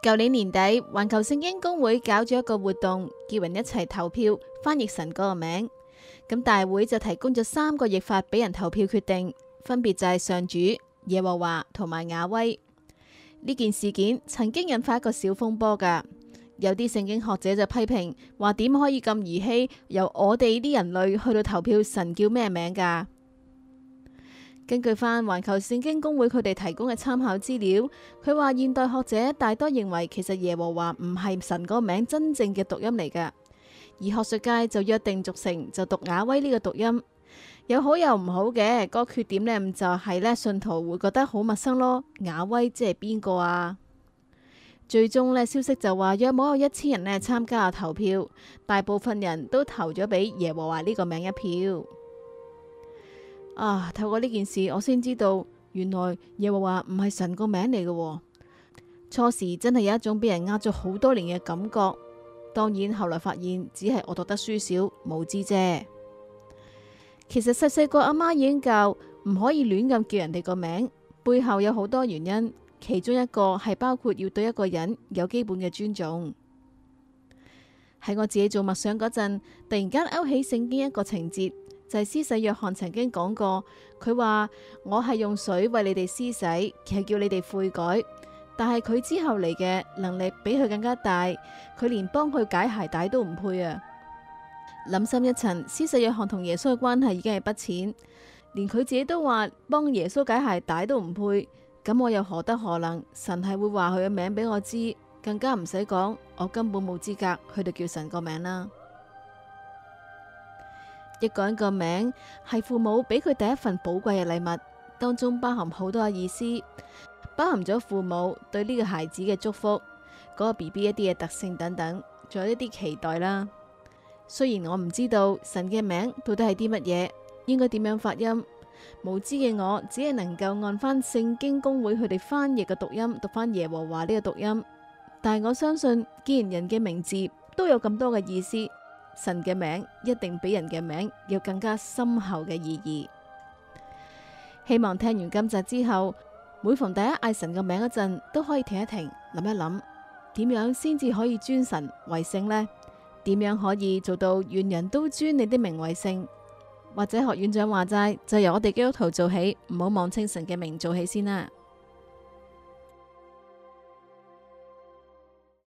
舊年年底，環球聖經公會搞咗一個活動，叫人一齊投票翻譯神嗰個名。咁大會就提供咗三個譯法俾人投票決定，分別就係上主、耶和華同埋雅威。呢件事件曾經引發一個小風波㗎。有啲聖經學者就批評話，點可以咁兒戲，由我哋啲人類去到投票神叫咩名㗎？根據返環球聖經公會佢哋提供嘅參考資料，佢話現代學者大多認為其實耶和華唔係神個名真正嘅讀音嚟㗎，而學術界就約定俗成就讀雅威呢、呢個讀音。有好有唔好嘅，個缺點呢，就係咧信徒會覺得好陌生咯，雅威即係邊個啊？最終呢消息就話約冇有一千人呢參加投票，大部分人都投咗俾耶和華呢個名一票。啊！透過呢件事，我先知道原來耶和華唔係神個名嚟嘅，初時真係有一種俾人呃咗好多年嘅感覺。當然後來發現，只係我讀得書少、無知啫。其實細細個阿媽已經教唔可以亂咁叫人哋個名，背後有好多原因，其中一個係包括要對一個人有基本嘅尊重。喺我自己做默想嗰陣，突然間勾起聖經一個情節。就係施洗約翰曾經講過，佢話我係用水為你哋施洗，其實叫你哋悔改。但係佢之後嚟嘅能力比佢更加大，佢連幫佢解鞋帶都唔配啊！諗深一層，施洗約翰同耶穌嘅關係已經係不淺，連佢自己都話幫耶穌解鞋帶都唔配。咁我又何德何能？神係會話佢嘅名俾我知，更加唔使講，我根本冇資格去到叫神個名啦。一個人個名係父母俾佢第一份寶貴嘅禮物，當中包含好多嘅意思，包含咗父母對呢個孩子嘅祝福，嗰個 BB 一啲嘅特性等等，仲有一啲期待啦。雖然我唔知道神嘅名到底係啲乜嘢，應該點樣發音，無知嘅我只係能夠按翻聖經公會佢哋翻譯嘅讀音讀翻耶和華呢個讀音，但係我相信，既然人嘅名字都有咁多嘅意思。神嘅名一定比人嘅名要更加深厚嘅意義。希望聽完今集之後，每逢第一嗌神嘅名嗰陣，都可以停一停，諗一諗，點樣先至可以尊神為聖呢？點樣可以做到願人都尊你的名為聖？或者學院長話齋，就由我哋基督徒做起，唔好妄稱神嘅名做起先啦。